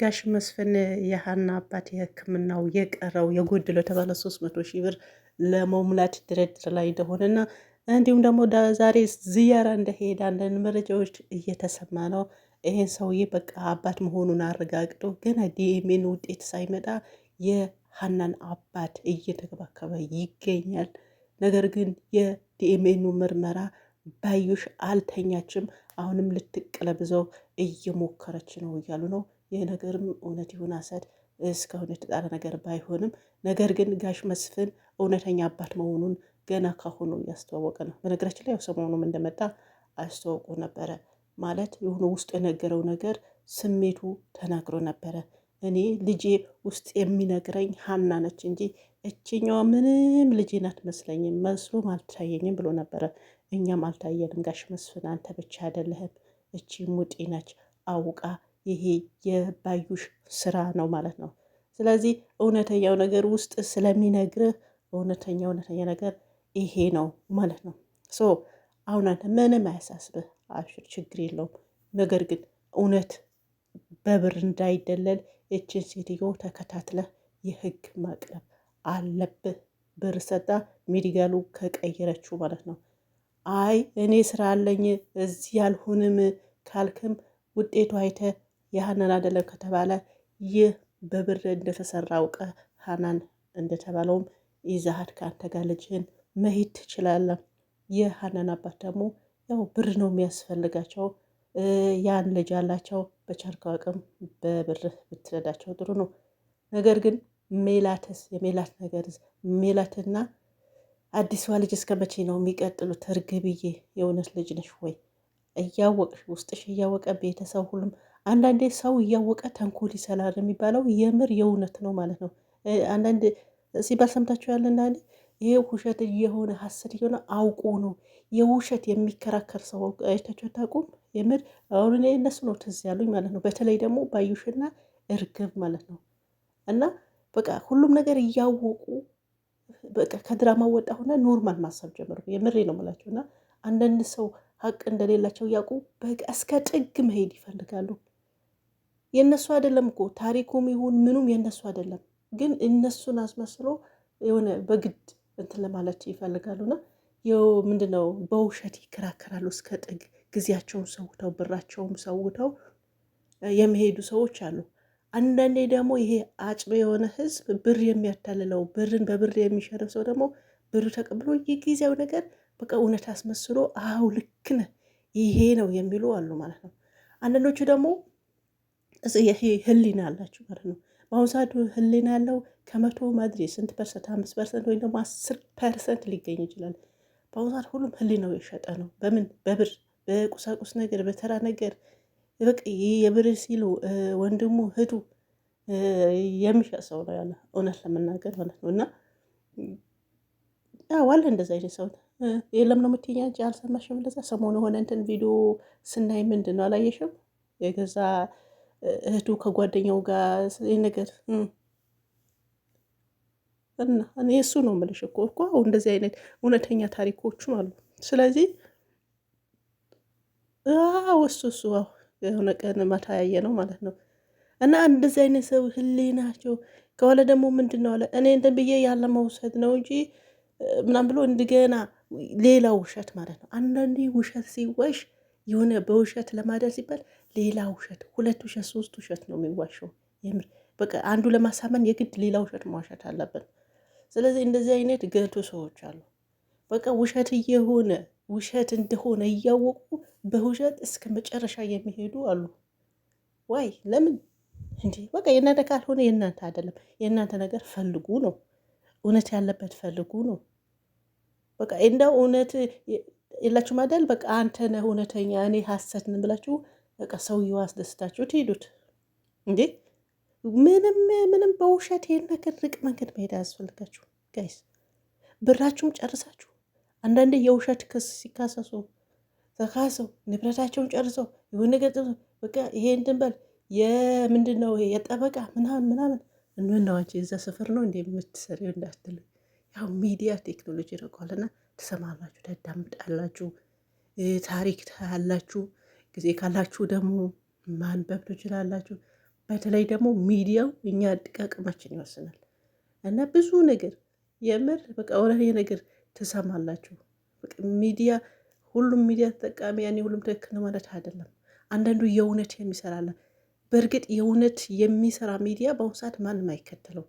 ጋሽ መስፍን የሀና አባት የሕክምናው የቀረው የጎደለው የተባለ ሶስት መቶ ሺህ ብር ለመሙላት ድርድር ላይ እንደሆነና እንዲሁም ደግሞ ዛሬ ዝያራ እንደሄደ አንዳንድ መረጃዎች እየተሰማ ነው። ይህን ሰውዬ በቃ አባት መሆኑን አረጋግጦ ገና ዲኤምኤን ውጤት ሳይመጣ የሀናን አባት እየተንከባከበ ይገኛል። ነገር ግን የዲኤምኤኑ ምርመራ ባዩሽ አልተኛችም፣ አሁንም ልትቀለብዘው እየሞከረች ነው እያሉ ነው። ይህ ነገርም እውነት ይሁን አሰድ እስካሁን የተጣለ ነገር ባይሆንም ነገር ግን ጋሽ መስፍን እውነተኛ አባት መሆኑን ገና ካሁኑ እያስተዋወቀ ነው። በነገራችን ላይ ያው ሰሞኑም እንደመጣ አስተዋውቆ ነበረ። ማለት የሆነ ውስጡ የነገረው ነገር ስሜቱ ተናግሮ ነበረ። እኔ ልጄ ውስጥ የሚነግረኝ ሀና ነች እንጂ እችኛዋ ምንም ልጄ ናት መስለኝም መስሎም አልታየኝም ብሎ ነበረ። እኛም አልታየንም ጋሽ መስፍን አንተ ብቻ አይደለህም፣ እቺ ሙጢ ነች አውቃ ይሄ የባዩሽ ስራ ነው ማለት ነው። ስለዚህ እውነተኛው ነገር ውስጥ ስለሚነግርህ እውነተኛ እውነተኛ ነገር ይሄ ነው ማለት ነው። ሶ አሁን አንተ ምንም አያሳስብህ፣ አብሽር፣ ችግር የለውም። ነገር ግን እውነት በብር እንዳይደለል ይችን ሴትዮ ተከታትለህ የህግ ማቅረብ አለብህ። ብር ሰጣ ሚዲጋሉ ከቀየረችው ማለት ነው። አይ እኔ ስራ አለኝ እዚህ ያልሆንም ካልክም ውጤቱ አይተህ የሀናን አይደለም ከተባለ ይህ በብር እንደተሰራ አውቀ ሀናን እንደተባለውም ይዛሃድ ከአንተ ጋር ልጅህን መሄድ ትችላለን። የሀናን አባት ደግሞ ያው ብር ነው የሚያስፈልጋቸው። ያን ልጅ አላቸው። በቻልከው አቅም በብር ብትረዳቸው ጥሩ ነው። ነገር ግን ሜላትስ የሜላት ነገር ሜላትና አዲስዋ ልጅ እስከ መቼ ነው የሚቀጥሉት? እርግብዬ የእውነት ልጅ ነሽ ወይ? እያወቅሽ ውስጥሽ እያወቀ ቤተሰብ ሁሉም አንዳንዴ ሰው እያወቀ ተንኮል ይሰራል የሚባለው የምር የእውነት ነው ማለት ነው። አንዳንድ ሲባል ሰምታችሁ ያለ አንዳንዴ ይሄ ውሸት የሆነ ሀሰት የሆነ አውቆ ነው የውሸት የሚከራከር ሰው አይታችሁ አታውቁም? የምር አሁን እኔ እነሱ ነው ትዝ ያሉኝ ማለት ነው። በተለይ ደግሞ ባዩሽና እርግብ ማለት ነው። እና በቃ ሁሉም ነገር እያወቁ በቃ ከድራማ ወጣ ሆነ ኖርማል ማሰብ ጀምሩ። የምሬ ነው የምላቸው እና አንዳንድ ሰው ሀቅ እንደሌላቸው እያውቁ በቃ እስከ ጥግ መሄድ ይፈልጋሉ። የእነሱ አይደለም እኮ ታሪኩም ይሁን ምኑም የእነሱ አይደለም፣ ግን እነሱን አስመስሎ የሆነ በግድ እንትን ለማለት ይፈልጋሉና ምንድን ነው በውሸት ይከራከራሉ እስከ ጥግ። ጊዜያቸውን ሰውተው ብራቸውም ሰውተው የሚሄዱ ሰዎች አሉ። አንዳንዴ ደግሞ ይሄ አጭበ የሆነ ህዝብ ብር የሚያታልለው ብርን በብር የሚሸርብ ሰው ደግሞ ብር ተቀብሎ የጊዜያዊ ነገር በቃ እውነት አስመስሎ አው ልክ ነህ ይሄ ነው የሚሉ አሉ ማለት ነው። አንዳንዶቹ ደግሞ ይሄ ህሊና አላችሁ ማለት ነው። በአሁኑ ሰዓት ህሊና ያለው ከመቶ ማድሬ ስንት ፐርሰንት አምስት ፐርሰንት ወይም ደግሞ አስር ፐርሰንት ሊገኝ ይችላል። በአሁኑ ሰዓት ሁሉም ህሊናው የሸጠ ነው። በምን በብር በቁሳቁስ ነገር በተራ ነገር በቃ የብር ሲሉ ወንድሙ ህዱ የሚሸጥ ሰው ነው ያለ እውነት ለመናገር ማለት ነው። እና ዋለ እንደዛ አይነት ሰው የለም ነው የምትይኝ አንቺ አልሰማሽም? እንደዛ ሰሞኑ የሆነ እንትን ቪዲዮ ስናይ ምንድን ነው አላየሽም? የገዛ እህቱ ከጓደኛው ጋር ነገር እና እኔ እሱ ነው የምልሽ እኮ እኮ እንደዚህ አይነት እውነተኛ ታሪኮቹም አሉ። ስለዚህ ወሱ እሱ የሆነ ቀን ማታ ያየ ነው ማለት ነው። እና እንደዚህ አይነት ሰው ህሌ ናቸው። ከኋለ ደግሞ ምንድን ነው አለ እኔ እንደ ብዬ ያለ መውሰድ ነው እንጂ ምናም ብሎ እንደገና ሌላ ውሸት ማለት ነው። አንዳንዴ ውሸት ሲወሽ የሆነ በውሸት ለማደር ሲባል ሌላ ውሸት፣ ሁለት ውሸት፣ ሶስት ውሸት ነው የሚዋሸው። የምር በቃ አንዱ ለማሳመን የግድ ሌላ ውሸት መዋሸት አለብን። ስለዚህ እንደዚህ አይነት ገቱ ሰዎች አሉ። በቃ ውሸት እየሆነ ውሸት እንደሆነ እያወቁ በውሸት እስከ መጨረሻ የሚሄዱ አሉ። ዋይ ለምን እንዲ በቃ የእናንተ ካልሆነ የእናንተ አይደለም። የእናንተ ነገር ፈልጉ ነው፣ እውነት ያለበት ፈልጉ ነው። በቃ እንደው እውነት የላችሁ ማደል በቃ አንተ ነህ እውነተኛ እኔ ሀሰት ብላችሁ በቃ ሰውየው አስደስታችሁ ትሄዱት እንዴ? ምንም ምንም በውሸት ይሄን ነገር ርቅ መንገድ መሄድ አያስፈልጋችሁ ጋይስ። ብራችሁም ጨርሳችሁ አንዳንዴ የውሸት ክስ ሲካሰሱ ተካሰው ንብረታቸውን ጨርሰው የሆነ ነገር በቃ ይሄ እንትን በል የምንድን ነው ይሄ የጠበቃ ምናምን ምናምን እንናዋጭ የዛ ስፍር ነው እንዲ የምትሰሪው እንዳትል ያው ሚዲያ ቴክኖሎጂ ረቋልና ተሰማማችሁ፣ ታዳምጣላችሁ፣ ታሪክ ታያላችሁ። ጊዜ ካላችሁ ደግሞ ማንበብ ትችላላችሁ። በተለይ ደግሞ ሚዲያው እኛ አጠቃቀማችን ይወስናል እና ብዙ ነገር የምር በቃ ወረኔ ነገር ትሰማላችሁ። ሚዲያ ሁሉም ሚዲያ ተጠቃሚ ያኔ ሁሉም ትክክል ማለት አይደለም። አንዳንዱ የእውነት የሚሰራለ በእርግጥ የእውነት የሚሰራ ሚዲያ በአሁኑ ሰዓት ማንም አይከተለው።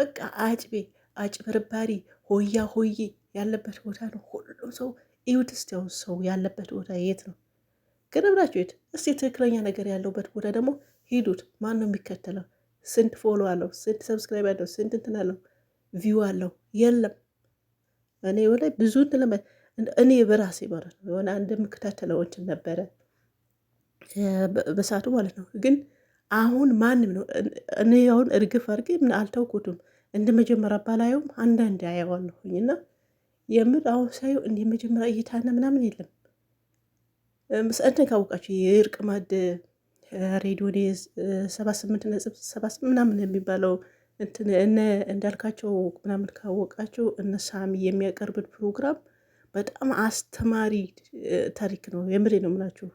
በቃ አጭቤ አጭበርባሪ ሆያ ሆዬ ያለበት ቦታ ነው። ሁሉም ሰው ኢዩትስቲያውን ሰው ያለበት ቦታ የት ነው? ግን ብላችሁ ሄድ እስቲ ትክክለኛ ነገር ያለውበት ቦታ ደግሞ ሂዱት። ማን ነው የሚከተለው? ስንት ፎሎ አለው? ስንት ሰብስክራይብ አለው? ስንት እንትን አለው? ቪው አለው? የለም እኔ ወደ ብዙ እንትለመ እኔ በራሴ ማለት ነው የሆነ አንድ የምከታተለው እንትን ነበረ በሰዓቱ ማለት ነው። ግን አሁን ማንም ነው እኔ አሁን እርግፍ አድርጌ ምን አልተውኩትም እንደ መጀመሪያ ባላየውም አንዳንድ አየዋለሁኝ እና የምር አሁን ሳየው እንደ መጀመሪያ እይታና ምናምን የለም። እንትን ካወቃቸው የእርቅ ማድ ሬዲዮኔ ሰባ ስምንት ነጥብ ሰባ ስምንት ምናምን የሚባለው እንትን እነ እንዳልካቸው ምናምን ካወቃቸው እነ ሳሚ የሚያቀርብን ፕሮግራም በጣም አስተማሪ ታሪክ ነው። የምሬ ነው የምላችሁ።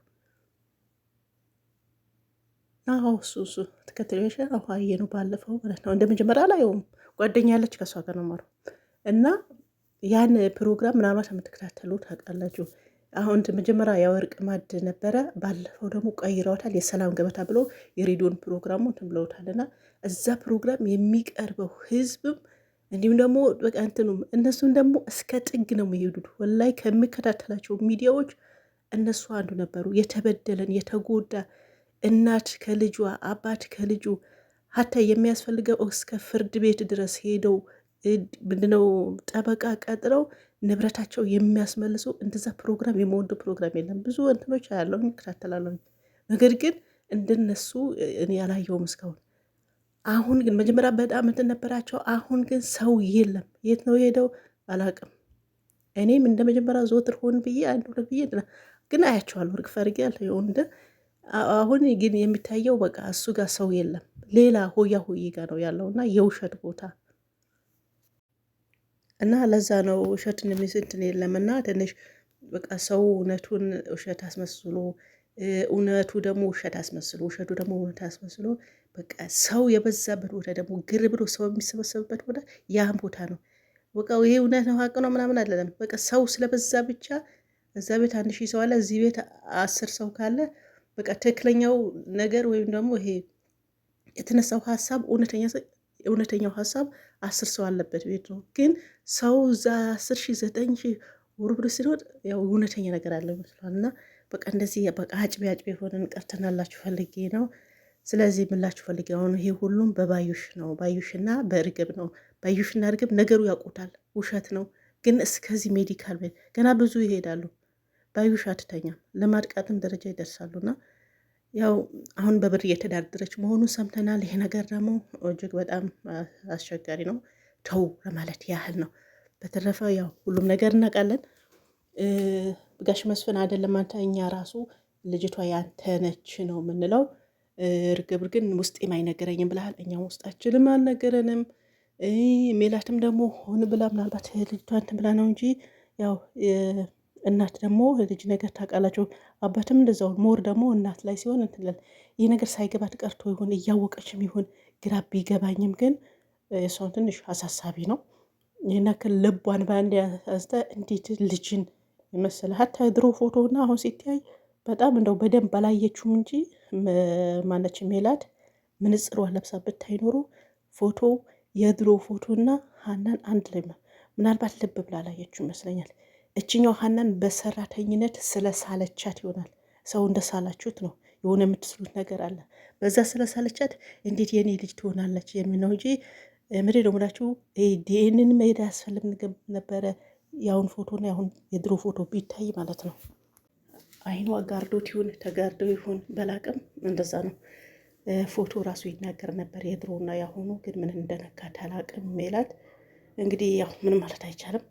አዎ እሱ እሱ ተከታዮች አየ ነው ባለፈው ማለት ነው። እንደ መጀመሪያ አላየውም። ጓደኛ ያለች ከእሷ ጋር ነው ማለት እና ያን ፕሮግራም ምናልባት የምትከታተሉ ታውቃላችሁ። አሁን መጀመሪያ የወርቅ ማድ ነበረ። ባለፈው ደግሞ ቀይረውታል። የሰላም ገበታ ብሎ የሬዲዮን ፕሮግራሙ እንትን ብለውታልና እዛ ፕሮግራም የሚቀርበው ህዝብም እንዲሁም ደግሞ በቃ እንትኑም እነሱም ደግሞ እስከ ጥግ ነው የሚሄዱት። ወላይ ከሚከታተላቸው ሚዲያዎች እነሱ አንዱ ነበሩ። የተበደለን የተጎዳ እናት ከልጇ አባት ከልጁ ሀታ የሚያስፈልገው እስከ ፍርድ ቤት ድረስ ሄደው ምንድነው ጠበቃ ቀጥረው ንብረታቸው የሚያስመልሱ እንደዛ ፕሮግራም የመወዱ ፕሮግራም የለም። ብዙ እንትኖች ያለው እከታተላለሁኝ። ነገር ግን እንደነሱ እኔ ያላየውም እስካሁን። አሁን ግን መጀመሪያ በጣም እንትን ነበራቸው። አሁን ግን ሰው የለም። የት ነው የሄደው አላቅም። እኔም እንደ መጀመሪያ ዞትር ሆን ብዬ አንድ ሁለት ብዬ ግን አያቸዋለሁ። እርግፍ አድርጌ ያለ እንደ አሁን ግን የሚታየው በቃ እሱ ጋር ሰው የለም። ሌላ ሆያ ሆይ ጋር ነው ያለውና የውሸት ቦታ እና ለዛ ነው ውሸት እንትን የለም እና ትንሽ በቃ ሰው እውነቱን ውሸት አስመስሎ እውነቱ ደግሞ ውሸት አስመስሎ ውሸቱ ደግሞ እውነት አስመስሎ በቃ ሰው የበዛበት ቦታ ደግሞ ግር ብሎ ሰው የሚሰበሰብበት ቦታ ያህም ቦታ ነው። በቃ ይሄ እውነት ነው ሀቅ ነው ምናምን አይደለም። በቃ ሰው ስለበዛ ብቻ እዛ ቤት አንድ ሺህ ሰው አለ፣ እዚህ ቤት አስር ሰው ካለ በቃ ትክክለኛው ነገር ወይም ደግሞ ይሄ የተነሳው ሀሳብ እውነተኛው ሀሳብ አስር ሰው አለበት ቤት ነው። ግን ሰው እዛ አስር ሺህ ዘጠኝ ሺህ ውርብር ሲኖር ያው እውነተኛ ነገር አለ መስሏል። እና በቃ እንደዚህ በቃ አጭቢ አጭቢ የሆነን ቀርተናላችሁ ፈልጌ ነው። ስለዚህ የምላችሁ ፈልጌ አሁን ይሄ ሁሉም በባዩሽ ነው፣ ባዩሽና በእርግብ ነው። ባዩሽና እርግብ ነገሩ ያውቁታል፣ ውሸት ነው። ግን እስከዚህ ሜዲካል ቤት ገና ብዙ ይሄዳሉ። ባዩሽ አትተኛም፣ ለማድቃትም ደረጃ ይደርሳሉና ያው አሁን በብር እየተዳደረች መሆኑን ሰምተናል። ይሄ ነገር ደግሞ እጅግ በጣም አስቸጋሪ ነው፣ ተው ለማለት ያህል ነው። በተረፈ ያው ሁሉም ነገር እናውቃለን። ጋሽ መስፍን አይደለም አንተ እኛ ራሱ ልጅቷ ያንተ ነች ነው የምንለው። እርግብ ግን ውስጤም አይነገረኝም ብለሃል፣ እኛም ውስጣችንም አልነገረንም። ሜላትም ደግሞ ሆን ብላ ምናልባት ልጅቷ እንትን ብላ ነው እንጂ ያው እናት ደግሞ ልጅ ነገር ታውቃላችሁ። አባትም እንደዛው ሞር ደግሞ እናት ላይ ሲሆን እንትላል ይህ ነገር ሳይገባት ቀርቶ ይሁን እያወቀችም ይሁን ግራ ቢገባኝም ግን እሷን ትንሽ አሳሳቢ ነው። ይህን ክል ልቧን በአንድ ያሳዝተ እንዴት ልጅን ይመስላል። ሀታ ድሮ ፎቶ ፎቶና አሁን ሲታይ በጣም እንደው በደንብ አላየችውም እንጂ ማነች ሜላት ምንጽሯ ለብሳ ብታይ ኖሮ ፎቶ የድሮ ፎቶ ፎቶና ሀናን አንድ ላይ ምናልባት ልብ ብላ አላየችው ይመስለኛል። እችኛው ሀናን በሰራተኝነት ስለሳለቻት ይሆናል። ሰው እንደሳላችሁት ነው የሆነ የምትስሉት ነገር አለ። በዛ ስለሳለቻት እንዴት የኔ ልጅ ትሆናለች የሚል ነው እንጂ ምሬ ነው ምላችሁ። ይህንን መሄድ አያስፈልግ ነበረ። የአሁን ፎቶና ያሁን የድሮ ፎቶ ቢታይ ማለት ነው። አይኗ ጋርዶት ይሁን ተጋርደው ይሁን በላቅም እንደዛ ነው። ፎቶ ራሱ ይናገር ነበር። የድሮና ያሁኑ ግን ምን እንደነካ ተላቅም ይላል። እንግዲህ ያው ምን ማለት አይቻልም።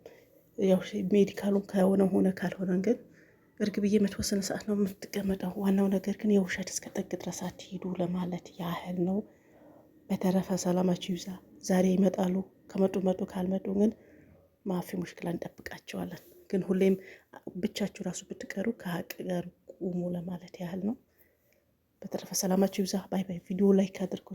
ያው ሜዲካሉን ከሆነ ሆነ ካልሆነ ግን እርግብዬ መተወሰነ ሰዓት ነው የምትቀመጠው። ዋናው ነገር ግን የውሸት እስከ ጥግ ድረስ አትሄዱ ለማለት ያህል ነው። በተረፈ ሰላማችሁ ይብዛ። ዛሬ ይመጣሉ፣ ከመጡ መጡ፣ ካልመጡ ግን ማፊ ሙሽክላ እንጠብቃቸዋለን። ግን ሁሌም ብቻችሁ ራሱ ብትቀሩ ከሀቅ ጋር ቁሙ ለማለት ያህል ነው። በተረፈ ሰላማችሁ ይብዛ። ባይ ባይ። ቪዲዮ ላይክ አድርጉ።